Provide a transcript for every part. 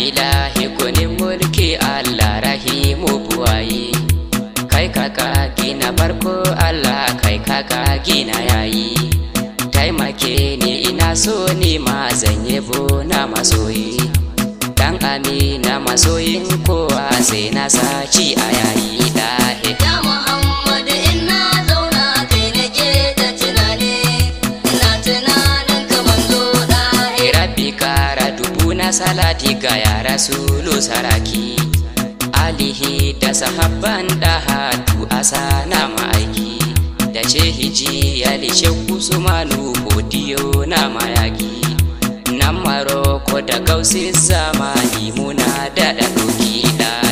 ilahi kunin mulki Allah rahimu buwayi kai kaka gina farko Allah kai kaka gina yayi taimake ni ina so ni ma zanye na masoyi dan amina masoyin kowa sai na saci a yayi salati ga ya rasulu saraki alihi da sahabban a sana ma'aiki da ce hiji ya lishe malu hodiyo na mayaki nan maroko da gausin zamani muna da ɗauki ɗaya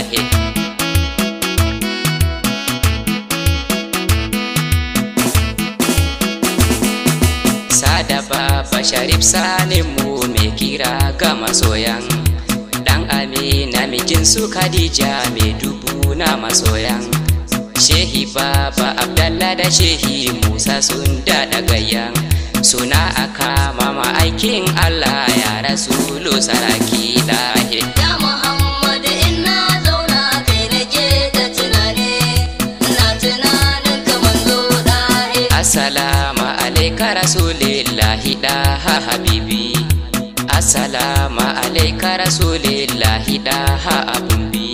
isa da baba sharif sanin mu mai kira ga masoyan dan amina mijin su khadija mai dubu na masoyan shehi baba abdallah da shehi musa sun daɗa gayyan suna aka mama aikin allah ya rasulu saraki lahi ya muhammadu Assalamu alaika rasulillahi ha abun bi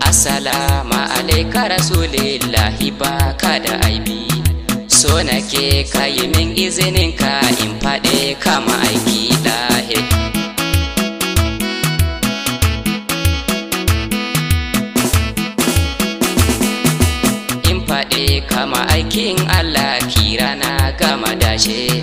Assalamu alaika rasulillahi ka da aibi So nake ka yi min izinin ka in faɗe kama aiki lahi In faɗe kama aikin Allah na gama dashe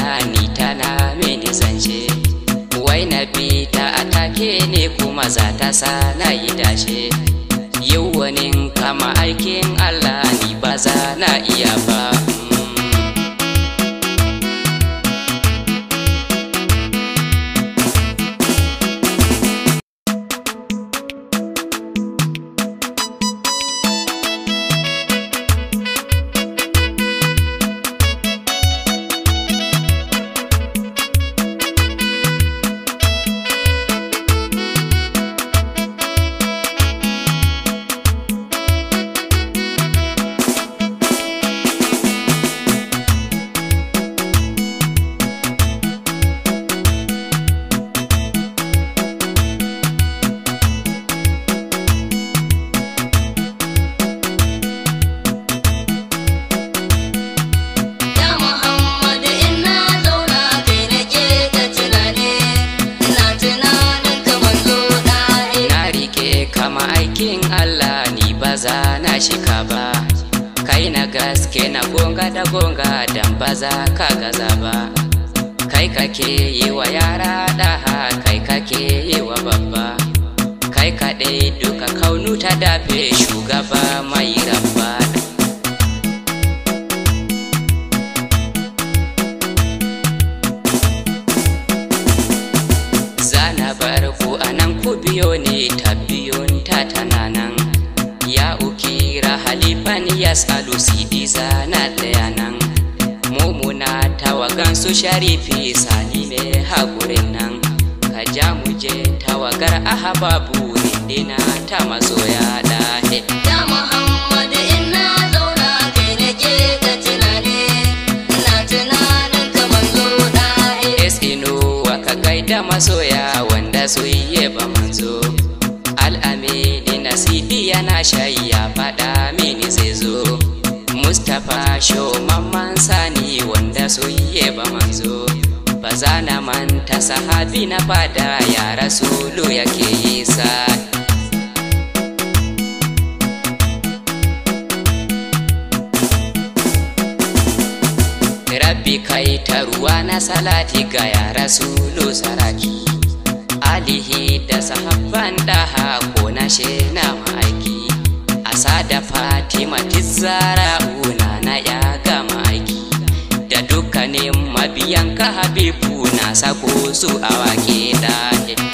maza ta sa na yi dashe yau wani kama aikin Allah ni ba za na iya ba Kena gonga da gonga dan ba za ka gaza ba kai kake yi wa yara daha kai kake yi wa babba kai kaɗai duka kaunu ta dafe shugaba mai rabba zana bar ku anan ku biyo ne ta biyun ta nan ya ukira halifan salu sidi sana nan mumuna tawagan su sharifi salime hakurin nan ka ja je tawagar ahababu rindina ta masoya dahe ka masoya wanda suye mustapha show mamman sani wanda soyayya ba manzo ba na manta sahabi na bada ya rasulu yake yi rabbi kai taruwa ruwa na salati ga ya rasulu saraki alihi da sahabban daha ko na she ma'aiki Sada da Fatima Tizara una na ya gama aiki da dukkanin mabiyan ka Habibu na sako su a wake